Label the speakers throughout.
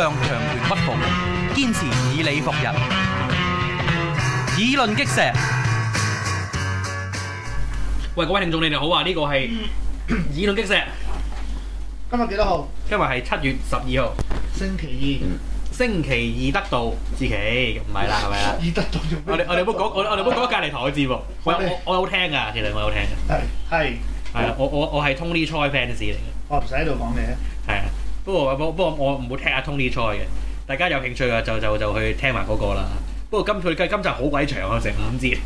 Speaker 1: 向強權屈服，堅持以理服人。議論擊石。喂，各位聽眾，你哋好啊！呢個係議論擊石。今日幾多號？今日係七月十二號，星期二。星期二得到志奇，唔係啦，係咪啊？二得到做咩？我哋我哋冇講我我哋冇講隔離台嘅節目，我我我有聽噶，其實我有聽噶。係係係啊！我我我係 Tony Choi fans 嚟嘅。我唔使喺度講嘢。係啊。不過，不過我不我唔會聽阿 Tony 賽嘅。大家有興趣嘅就就就去聽埋嗰個啦。不過今佢今集好鬼長啊，成五節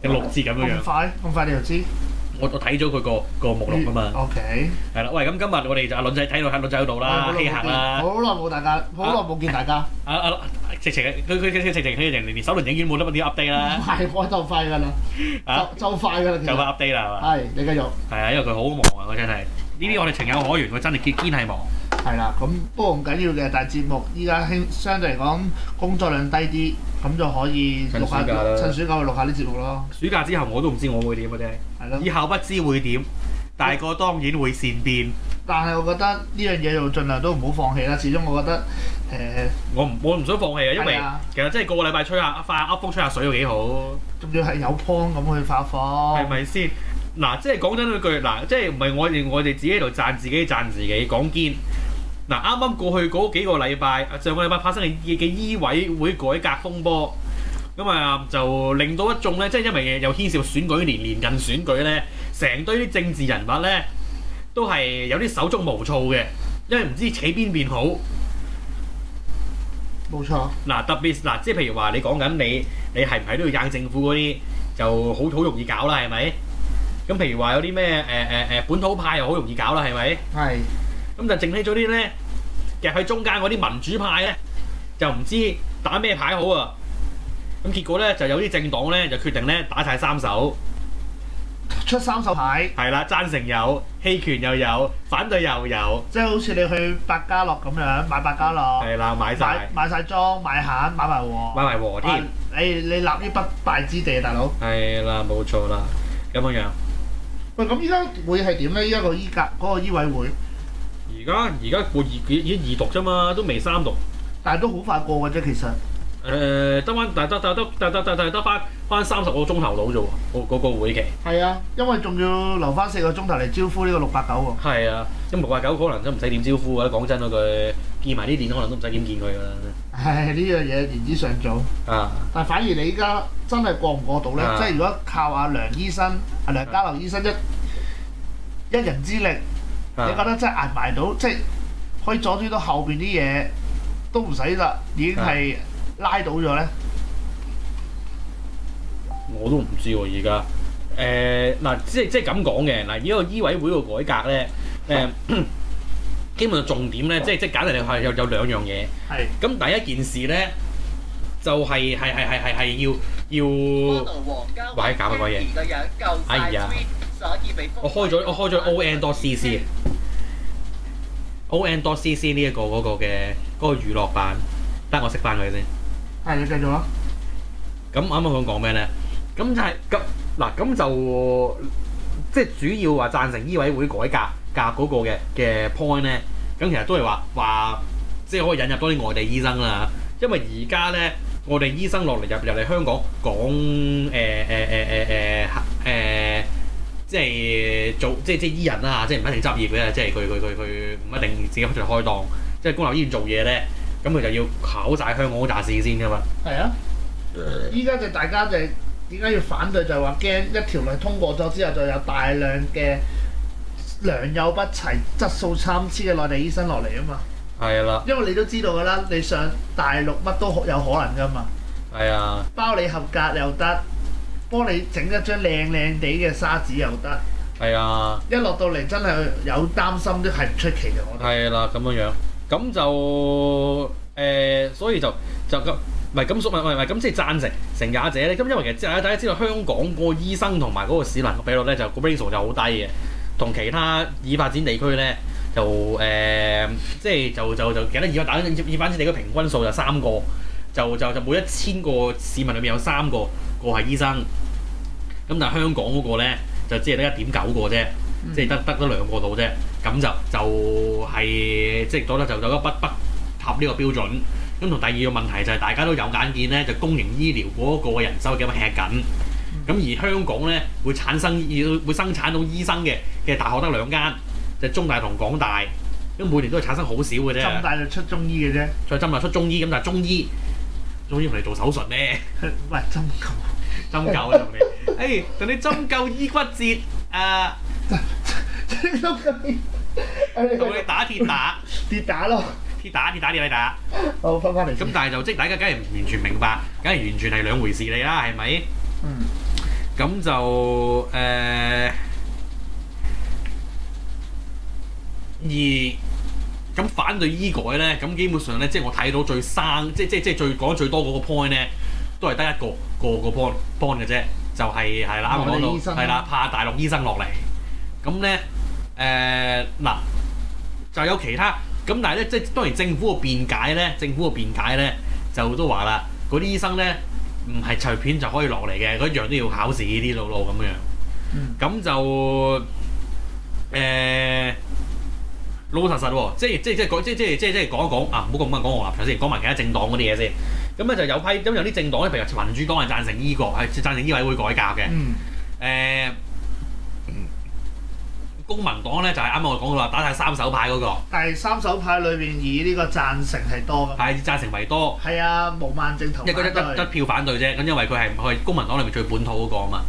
Speaker 1: 定六節咁樣樣。咁快？咁快你就知我？我我睇咗佢個、個目錄啊嘛。O K。係、okay、啦，喂！咁今日我哋就阿倫仔睇到客倫仔喺度啦，稀客啦。啊、好耐冇、
Speaker 2: 啊、大家，好耐冇見大家。
Speaker 1: 啊直情佢直情佢直情連連首輪影院冇得 update 啦。唔係，我就快㗎啦，就快㗎啦，就快 update 啦，係你繼續。係啊，因為佢好忙啊，佢真係呢啲我哋情有可原。佢真係堅堅係忙。
Speaker 2: 係啦，咁不過唔緊要嘅。但係節目依家輕相對嚟講工作量低啲，咁就可以錄下趁暑假去錄下啲節目咯。
Speaker 1: 暑假之後我都唔知我會點嘅啫，的以後不知會點。大個當然會善變，
Speaker 2: 但係我覺得呢樣嘢就盡量都唔好放棄啦。始終我覺得誒、欸，
Speaker 1: 我唔我唔想放棄嘅，的因為其實即係個個禮拜吹下吹下風，吹下水都幾好，仲要係有 point 咁去發放，係咪先？嗱，即係講真嗰句，嗱，即係唔係我哋我哋自己喺度讚自己讚自己講堅。嗱，啱啱過去嗰幾個禮拜，上個禮拜發生嘅嘅醫委會改革風波，咁啊就令到一眾咧，即係因為又牽涉選舉，年年近選舉咧，成堆啲政治人物咧都係有啲手足無措嘅，因為唔知企邊邊好。冇錯。嗱，特別嗱，即係譬如話你講緊你，你係唔係都要硬政府嗰啲，就好好容易搞啦，係咪？咁譬如話有啲咩誒誒誒本土派又好容易搞啦，係咪？係。咁就剩起咗啲咧，夾喺中間嗰啲民主派咧，就唔知打咩牌好啊！咁結果咧，就有啲政黨咧就決定咧打曬三手，出三手牌。係啦，贊成有，棄權又有，反對又有。即係好似你去百家樂咁樣買百家樂。係啦，買曬買，買
Speaker 2: 曬莊，買閒，買埋和，
Speaker 1: 買埋和添。
Speaker 2: 誒，你立於不敗之地啊，
Speaker 1: 大佬。係啦，冇錯啦。咁樣樣
Speaker 2: 喂，咁依家會係點咧？依一個醫格嗰個醫委會。
Speaker 1: 而家而家過二已已二,二讀啫嘛，都未三讀，但係都好快過嘅啫，其實。誒、呃，得翻，但係得得得得得得得翻翻三十個鐘頭到啫喎，個個，個會期。
Speaker 2: 係啊，因為仲要留翻四個鐘頭嚟招呼呢個六八
Speaker 1: 九喎。係啊，因為六八九可能都唔使點招呼嘅，講真、嗰句、啊，佢見埋啲年可能都唔使點見佢
Speaker 2: 嘅啦。係呢樣嘢言之尚早。啊！但係反而你依家真係過唔過到咧？啊、即係如果靠阿梁醫生、阿梁家騮醫生一的一人之力。你覺得真係捱埋到，即係可以阻止到後邊啲嘢都唔使啦，已經係拉到咗咧？
Speaker 1: 我都唔知喎，而家誒嗱，即係即係咁講嘅嗱，依個醫委會個改革咧，誒，基本嘅重點咧，即係即係簡單嚟講係有有兩樣嘢。係。咁第一件事咧，就係係係係係要要或者搞乜鬼嘢？哎呀！我開咗我開咗 ON.CC，ON.CC 呢一、嗯、個嗰個嘅嗰、嗰個娛樂版，得我識翻佢先。係你繼續咯。咁啱啱想講咩咧？咁就係咁嗱，咁就即係、就係、主要話贊成醫委會改革，加嗰個嘅嘅 point 咧。咁其實都係話話，即係、就係、可以引入多啲外地醫生啦。因為而家咧，我哋醫生落嚟入入嚟香港講誒誒誒誒誒。即係做，即係即係醫人啦，即係唔一定執業嘅，即係佢佢佢佢唔一定自己出嚟開檔，即係公立醫院做嘢咧，咁佢就要考晒香港好大試先㗎嘛。係啊，
Speaker 2: 依家就大家就點解要反對？就係話驚一條路通過咗之後，就有大量嘅良莠不齊、質素參差嘅內地醫生落嚟啊嘛。係啦、啊，因為你都知道㗎啦，你上大陸乜都有可能㗎嘛。
Speaker 1: 係啊，
Speaker 2: 包你合格又得。幫你整一張靚靚地嘅沙紙又得，
Speaker 1: 係啊！
Speaker 2: 一落到嚟真係
Speaker 1: 有擔心都係唔出奇嘅，我覺得係啦、啊。咁樣樣咁就誒、欸，所以就就咁唔係咁贊成成也者咧。咁因為其實大家大家知道香港個醫生同埋嗰個市民嘅比率咧，就個比率就好低嘅，同其他已發展地區咧就誒即係就就就其他已發展已發展地區平均數就三個，就就就每一千個市民裏面有三個。我係醫生，咁但係香港嗰個咧就只係得一點九個啫，即係得得得兩個度啫，咁就就係即係多得就有一不不合呢個標準。咁同第二個問題就係、是、大家都有眼見咧，就公營醫療嗰個嘅人手幾咁吃緊，咁、嗯、而香港咧會產生要會生產到醫生嘅嘅大學得兩間，就是、中大同港大，咁每年都係產生好少嘅啫。中大就出中醫嘅啫，再針就出中醫，咁但係中醫，中醫嚟做手術咩？喂， 係針灸。針灸、， 哎、針灸啊，同你，誒，同你針灸醫骨折啊，同你打跌打，跌 打咯，跌打跌打跌嚟打，打打打 好翻翻嚟。咁但係就即大家梗係唔完全明白，梗係完全係兩回事嚟啦，係咪？嗯。咁就誒，而、呃，咁反對醫改咧，咁基本上咧，即、就、係、是、我睇到最生，即即即最講最多嗰個 point 咧。都係得一個個個幫幫嘅啫，就係係啦，啱講到醫生係啦、啊，怕大陸醫生落嚟。咁咧誒嗱，就有其他咁，但係咧即係當然政府嘅辯解咧，政府嘅辯解咧就都話啦，嗰啲醫生咧唔係隨便就可以落嚟嘅，佢一樣都要考試啲路路咁樣。咁、嗯、就誒老、呃、老實實喎、哦，即係即係即係講即係即係即係講一講啊！唔好咁快講我立場先，講埋其他政黨嗰啲嘢先。咁咧、嗯、就有批，咁有啲政黨，咧，譬如民主黨係贊成呢、這個，係贊成醫委會改革嘅、嗯欸。公民黨咧就係、是、啱我講嘅打晒三手派嗰、那個。但係三手派裏面以呢個贊成係多嘅。係贊成為多。係
Speaker 2: 啊，無萬正投。一覺得得
Speaker 1: 票反對啫，咁因為佢係去公民黨裏面最本土嗰、那個啊嘛，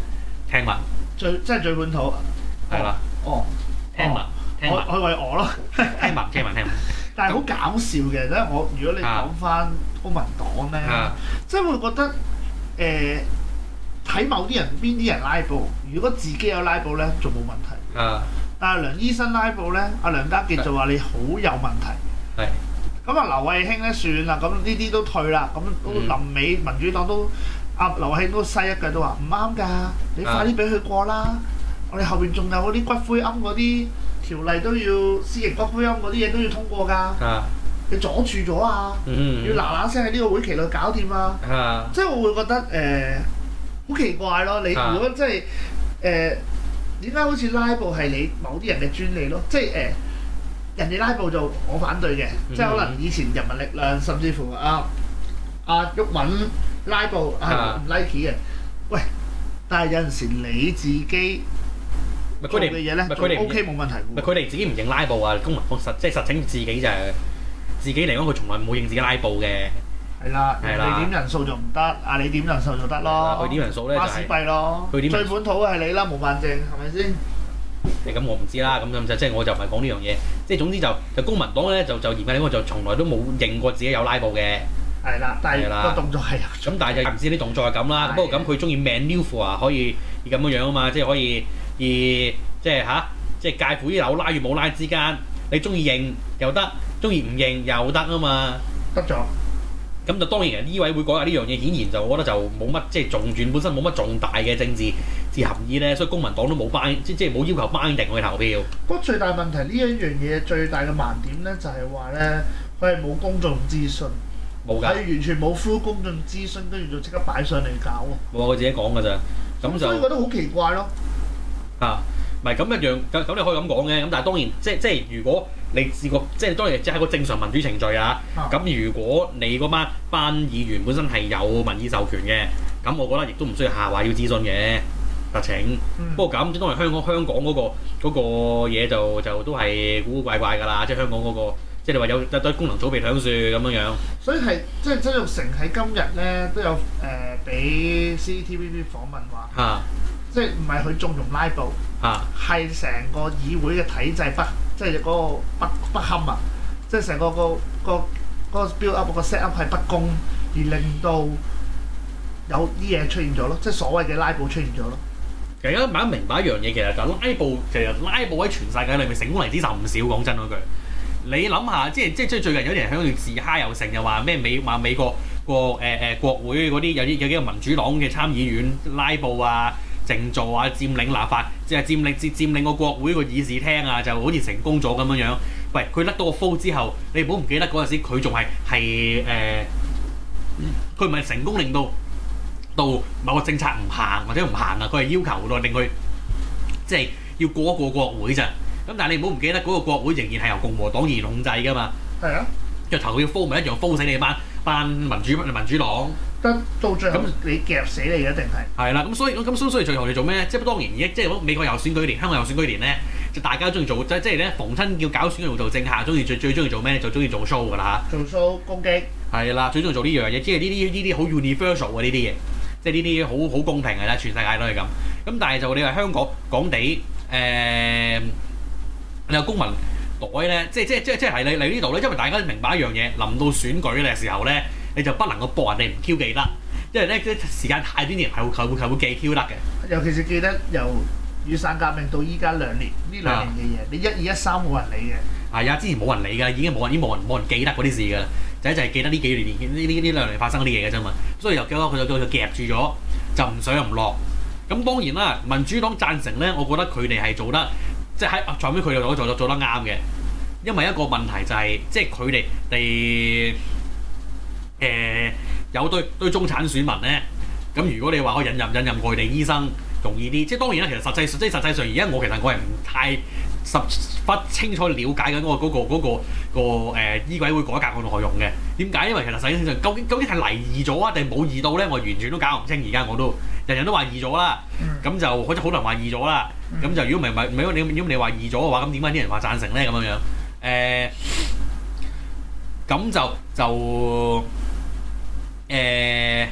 Speaker 1: 聽聞。
Speaker 2: 最即係最本土。係啦。哦。哦聽聞。我我我咯。聽聞，聽聞，聽聞。但係好搞笑嘅，即我如果你講翻公民黨咧，即係、啊、會覺得誒睇、呃、某啲人邊啲人拉布，如果自己有拉布咧就冇問題。啊！但係梁醫生拉布咧，阿梁家傑就話你好有問題。係是。咁啊，劉慧卿咧算啦，咁呢啲都退啦，咁都臨尾、嗯、民主黨都阿劉慧卿都西一腳都話唔啱㗎，你快啲俾佢過啦！啊、我哋後邊仲有嗰啲骨灰庵嗰啲。條例都要私營骨灰龕嗰啲嘢都要通過㗎，你阻住咗啊！要嗱嗱聲喺呢個會期內搞掂啊！啊即係我會覺得誒好、呃、奇怪咯，你如果、啊、即係誒點解好似拉布係你某啲人嘅專利咯？即係誒、呃、人哋拉布就我反對嘅，嗯、即係可能以前人民力量甚至乎啊啊毓民拉布係唔、啊啊、like 嘅，喂！但係有陣時你自己。
Speaker 1: 佢哋嘅嘢咧，佢哋 O.K.
Speaker 2: 冇問題。咪佢
Speaker 1: 哋自己唔認拉布啊！公民黨實即係實請自己就係自己嚟講，佢從來冇認自己拉布嘅。係啦，你點
Speaker 2: 人數就唔得啊！你點人數就得咯。佢點人數咧就馬屎幣咯。最本土係你啦，冇辦證係
Speaker 1: 咪先？咁我唔知啦。咁即係即係我就唔係講呢樣嘢。即係總之就就公民黨咧就就嚴格嚟講，就從來都冇認過自己有拉布嘅。
Speaker 2: 係啦，但係個
Speaker 1: 動作係咁，但係就唔知啲動作係咁啦。不過咁佢中意 maneuver 啊，可以咁嘅樣啊嘛，即係可以。而即係、吓、即係介乎於有拉與冇拉之間，你中意認又得，中意唔認又得啊嘛！得咗了，咁就當然，呢位會講下呢樣嘢，顯然就我覺得就冇乜即係重轉本身冇乜重大嘅政治之含義咧，所以公民黨都冇 buy 即即係冇要求 buy 定去投票。不過最大
Speaker 2: 問題呢一樣嘢最大嘅盲點咧，就係話咧，佢係冇公眾諮詢，冇㗎有，係完全冇呼公眾諮詢，跟住就即刻擺上嚟搞喎。
Speaker 1: 冇啊，我自己講㗎咋，咁就所以覺得
Speaker 2: 好奇怪咯。
Speaker 1: 啊，唔係咁一樣，咁咁你可以咁講嘅。咁但係當然，即即係如果你試過，即係當然即係喺個正常民主程序啊，咁、啊、如果你嗰班班議員本身係有民意授權嘅，咁我覺得亦都唔需要下話要諮詢嘅特請。嗯、不過咁即係當然香港香港嗰、那個嗰、那個嘢就就都係古古怪怪㗎啦，即係香港嗰、那個，即係你話有得得功能草皮響樹咁樣樣。所
Speaker 2: 以係即係曾鈺成喺今日咧都有誒俾、呃、CCTV 訪問話。啊即係唔係佢縱容拉布啊？係成個議會嘅體制不即係嗰個不不堪啊！即係成個個個嗰 build up 個 set up 係不公，而令到有啲嘢出現咗咯。即係所謂嘅拉布出現咗咯。
Speaker 1: 其實而家明白一樣嘢，其實就拉布其實拉布喺全世界裏面成功例子，就唔少。講真嗰句，你諗下，即係即係即係最近有啲人喺度自嗨又成又話咩美話美國個誒誒國會嗰啲有啲有幾個民主黨嘅參議院拉布啊？靜坐啊，佔領立法，即係佔領佔佔領個國會個議事廳啊，就好似成功咗咁樣樣。喂，佢甩到個票之後，你唔好唔記得嗰陣時佢仲係係誒，佢唔係成功令到到某個政策唔行或者唔行啊，佢係要求令佢即係要過一個國會咋。咁但係你唔好唔記得嗰個國會仍然係由共和黨而控制噶嘛。係啊的，佢頭要封咪一樣，封死你班班民主民主黨。
Speaker 2: 到最後
Speaker 1: 咁，那你夾死你一定係係啦，咁所以咁所，所以最後你做咩咧？即係當然，即係美國又選舉年，香港又選舉年咧，就大家都中意做即即係咧，逢親要搞選舉動政下最最最中意做政客，中意最最中意做咩，就中意做 show 㗎啦嚇！做 show 攻擊係啦，最中意做呢樣嘢，即係呢啲呢啲好 universal 嘅呢啲嘢，即係呢啲好好公平嘅啦，全世界都係咁。咁但係就你話香港港地，呃、你有公民袋咧，即係即係即係即係係嚟嚟呢度咧，因為大家明白一樣嘢，臨到選舉嘅時候咧。你就不能夠博人哋唔 Q 記得，因為咧啲時間太短年，啲人係會、係會、係會記記得嘅。
Speaker 2: 尤其是記得由雨傘革命到依家兩年呢兩年嘅嘢，的你一二一三冇人理嘅。
Speaker 1: 係啊、哎，之前冇人理㗎，已經冇人、冇人、冇人記得嗰啲事㗎，就就是、係記得呢幾年呢呢呢兩年發生嗰啲嘢嘅啫嘛。所以又幾多佢就佢就,就,就夾住咗，就唔上又唔落。咁當然啦，民主黨贊成咧，我覺得佢哋係做得，即係喺後屘佢哋做得啱嘅。因為一個問題就係、是，即係佢哋第。誒、呃、有對對中產選民咧，咁如果你話我引入，引入外地醫生容易啲，即係當然啦。其實實際即係實,實際上，而家我其實我係唔太十分清楚了解緊我嗰、嗰個嗰、嗰個、嗰個誒、呃、醫委會改革嘅內容嘅。點解？因為其實實際上究竟究竟係嚟易咗定冇易到咧？我完全都搞唔清。而家我都人人都話易咗啦，咁就或者好多人話易咗啦，咁就如果唔係唔係你如果你話易咗嘅話，咁點解啲人話贊成咧？咁樣樣誒，咁、呃、就就。就誒，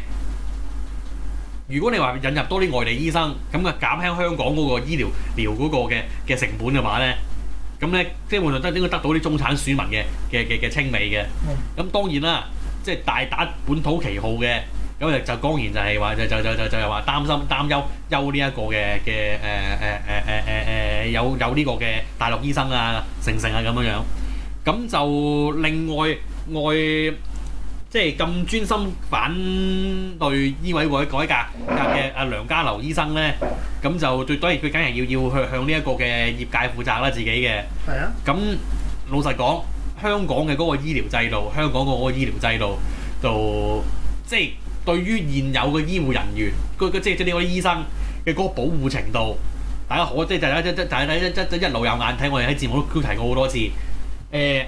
Speaker 1: 如果你話引入多啲外地醫生，咁啊減輕香港嗰個醫療療嗰個嘅嘅成本嘅話咧，咁咧即係無論得點樣應該得到啲中產選民嘅嘅嘅嘅青味嘅，咁當然啦，即係大打本土旗號嘅，咁啊就當然就係話就就就就就係話擔心擔憂憂呢一個嘅嘅誒誒誒誒誒誒有有呢個嘅大陸醫生啊成成啊咁樣樣，咁就另外外。即係咁專心反對醫委會改革嘅阿梁家騮醫生咧，咁就最多亦佢梗係要要去向呢一個嘅業界負責啦，自己嘅。係啊。咁老實講，香港嘅嗰個醫療制度，香港嗰個醫療制度就即係、就是、對於現有嘅醫護人員，嗰即係即係嗰啲醫生嘅嗰個保護程度，大家可即係大家一一睇一睇一一路有眼睇，我哋喺節目都提過好多次。誒、呃。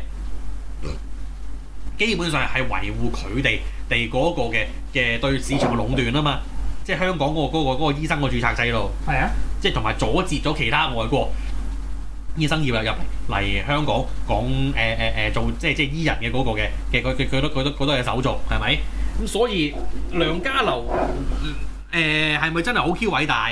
Speaker 1: 基本上係維護佢哋哋嗰個嘅嘅對市場嘅壟斷啊嘛，即係香港嗰個嗰個嗰個醫生嘅註冊制度係啊，即係同埋阻截咗其他外國醫生要入入嚟香港講誒誒誒做即係即係醫人嘅嗰個嘅嘅佢佢佢都佢都佢都係手續係咪咁？所以梁家騮誒係咪真係好 Q 偉大誒、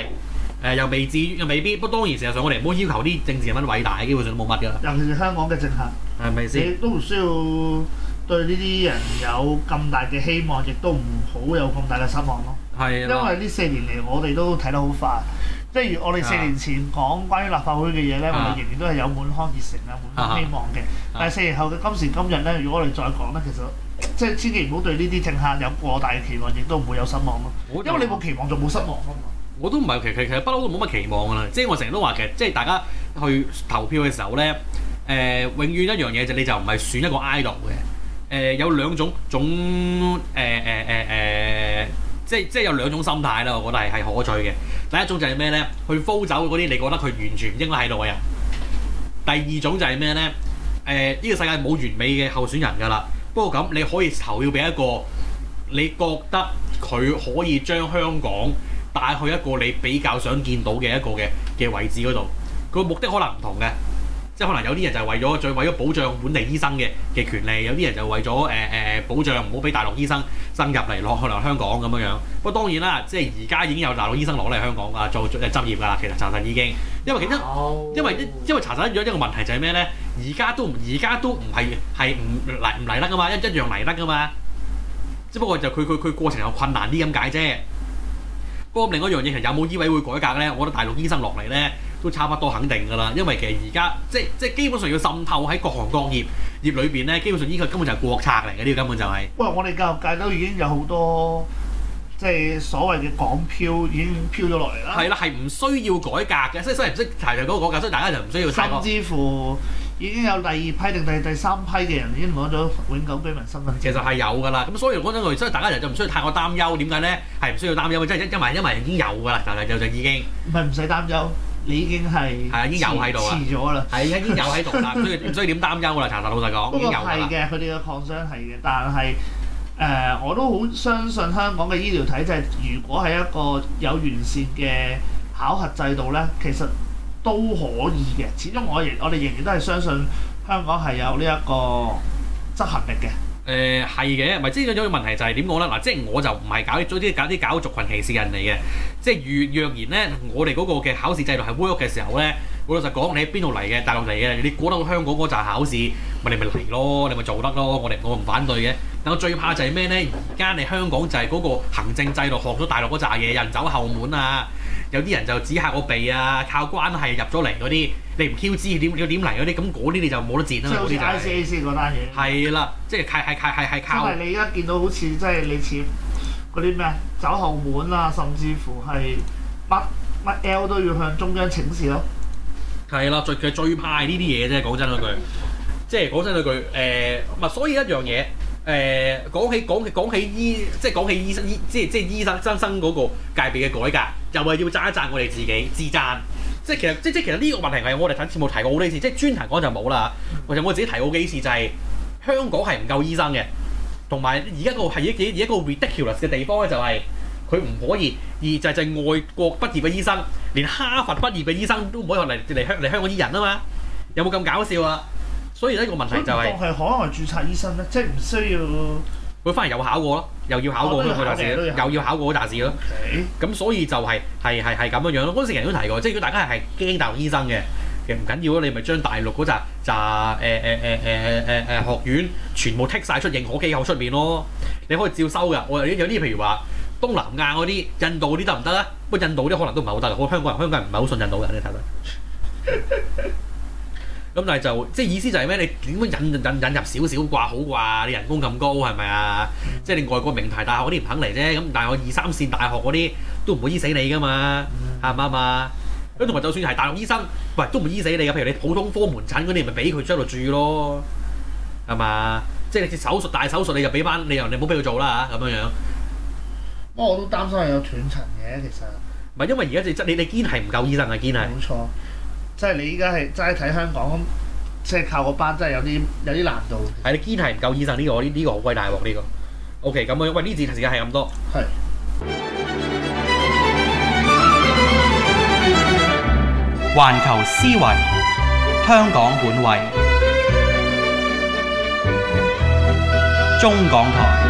Speaker 1: 呃？又未至於，又未必，不過當然事實上我哋唔好要求啲政治人物偉大，基本上都冇乜噶。
Speaker 2: 尤其是香港嘅政客
Speaker 1: 係咪先？係係你
Speaker 2: 都唔需要。對呢啲人有咁大嘅希望，亦都唔好有咁大嘅失望
Speaker 1: 咯。係的，因為呢
Speaker 2: 四年嚟，我哋都睇得好快。即係我哋四年前講關於立法會嘅嘢咧，的我哋仍然都係有滿腔熱誠啊，的滿腔希望嘅。是的但係四年後嘅今時今日咧，如果我哋再講咧，其實即係千祈唔好對呢啲政客有過大嘅期望，亦都唔會有失望咯。因為你冇期望就冇失望啊嘛。
Speaker 1: 我都唔係，其實其實不嬲都冇乜期望㗎啦。即係我成日都話嘅，即係大家去投票嘅時候咧，誒、呃、永遠一樣嘢就你就唔係選一個 idol 嘅。誒、呃、有兩種種誒誒誒誒，即係即係有兩種心態啦，我覺得係係可取嘅。第一種就係咩咧？去撈走嗰啲你覺得佢完全唔應該喺度嘅人。第二種就係咩咧？誒、呃、呢、呢個世界冇完美嘅候選人㗎啦。不過咁你可以投票俾一個你覺得佢可以將香港帶去一個你比較想見到嘅一個嘅嘅位置嗰度。佢目的可能唔同嘅。即係可能有啲人就係為咗，最為咗保障本地醫生嘅嘅權利，有啲人就為咗誒誒保障唔好俾大陸醫生進入嚟落去嚟香港咁樣樣。不過當然啦，即係而家已經有大陸醫生攞嚟香港啊，做做執業㗎啦。其實查實已經，因為其實因為因為，因為查實咗一個問題就係咩咧？而家都而家都唔係係唔嚟唔嚟得㗎嘛，一一樣嚟得㗎嘛。只不過就佢佢佢過程有困難啲咁解啫。不過另一樣嘢係有冇醫委會改革咧？我覺得大陸醫生落嚟咧。都差不多肯定噶啦，因為其實而家即即基本上要滲透喺各行各業業裏邊咧，基本上呢個根本就係國策嚟嘅。呢個根本就係
Speaker 2: 喂，我哋教育界都已經有好多即所謂嘅港漂已經漂咗落
Speaker 1: 嚟啦。係啦，係唔需要改革嘅，即即唔識提就嗰個改革，所以大家就唔需要。甚至
Speaker 2: 乎已經有第二批定第第三批嘅人已經攞咗永久居民身份。其
Speaker 1: 實係有噶啦，咁所以講真句，所以大家就就唔需要太過擔憂。點解咧？係唔需要擔憂嘅，即因因為因為已經有噶啦，就就就已經唔
Speaker 2: 係唔使擔憂。你已經係
Speaker 1: 係啊，已經有喺度啊，遲咗啦。 係，依家已經有喺度啦，所以唔需要點擔憂啦。查查老實講，不過係
Speaker 2: 嘅，佢哋嘅抗傷係嘅，但係誒、呃，我都好相信香港嘅醫療體制，如果係一個有完善嘅考核制度咧，其實都可以嘅。始終我仍我哋仍然都係相信香港係有呢一個執行力嘅。
Speaker 1: 誒係嘅，唔係即係有咗個問題就係點講咧？嗱，即係我就唔係搞做啲搞啲搞，搞，搞族群歧視人嚟嘅。即係若若然咧，我哋嗰個嘅考試制度係 work 嘅時候咧，我老實講，你喺邊度嚟嘅？大陸嚟嘅。你估到香港嗰陣考試，咪你咪嚟咯，你咪做得咯。我哋我唔反對嘅。但我最怕就係咩咧？而家嚟香港就係嗰個行政制度學咗大陸嗰扎嘢，人走後門啊！有啲人就指下個鼻啊，靠關係入咗嚟嗰啲，你唔 Q 知點要點嚟嗰啲？咁嗰啲你就冇得賤啦，嗰啲就。上次 I C A C 嗰單嘢。係啦，即係係係係係靠。都係你
Speaker 2: 而家見到好似即係你似嗰啲咩走後門啊，甚至乎係乜乜 L 都要向中央請示咯、
Speaker 1: 啊。係啦，最其最怕呢啲嘢啫。講真嗰句，即係講真嗰句誒，咪、呃、所以一樣嘢。誒、呃、講起講起講起醫即係講起醫生醫即係即係醫生真生嗰個界別嘅改革，又係要讚一讚我哋自己自讚。即係其實即即係其實呢個問題係我哋上次冇提過好多次，即係專題講就冇啦。或者我自己提過幾次就係、是、香港係唔夠醫生嘅，同埋而家個係一而家個 ridiculous 嘅地方咧、就是，就係佢唔可以而就係就係外國畢業嘅醫生，連哈佛畢業嘅醫生都唔可以嚟嚟香嚟香港醫人啊嘛，有冇咁搞笑啊？所以呢個問題就係，當
Speaker 2: 係海外註冊醫生咧，即係唔需要，
Speaker 1: 佢反而又考過咯，又要考過嗰個考試，又要考過嗰陣試咯。咁 Okay. 所以就係係係係咁樣樣咯。嗰時人都提過，即係如果大家係驚大陸醫生嘅，其實唔緊要，你咪將大陸嗰陣陣呃呃呃呃呃呃學院全部剔晒出認可機構出面咯。你可以照收㗎。我有啲譬如話東南亞嗰啲、印度嗰啲得唔得咧？不過印度啲可能都唔係好得，我香港人香港人唔係好信印度嘅。你睇睇。 咁但係就即係意思就係咩？你點樣引引引入少少掛好啩？你人工咁高係咪啊？是嗯、即係你外國名牌大學嗰啲唔肯嚟啫。咁但係我二三線大學嗰啲都唔會醫死你噶嘛，係咪啊？咁同埋就算係大陸醫生，喂都唔會醫死你噶。譬如你普通科門診嗰啲，咪俾佢出度住咯，係嘛？即係你做手術大手術你給，你就俾翻你又你冇好俾佢做啦咁樣樣。
Speaker 2: 乜我都擔心係有斷層嘅，其實
Speaker 1: 唔係因為而家、就係、你你你堅係唔夠醫生啊堅啊冇錯。即係你依家係齋睇香港，即
Speaker 2: 係靠個班真，真係有啲有啲難度。
Speaker 1: 係你堅持唔夠意，醫生呢個呢呢、呢個好鬼大鑊呢個。OK，咁我喂呢節時間係咁多。係是。環球思維，香港本位，中港台。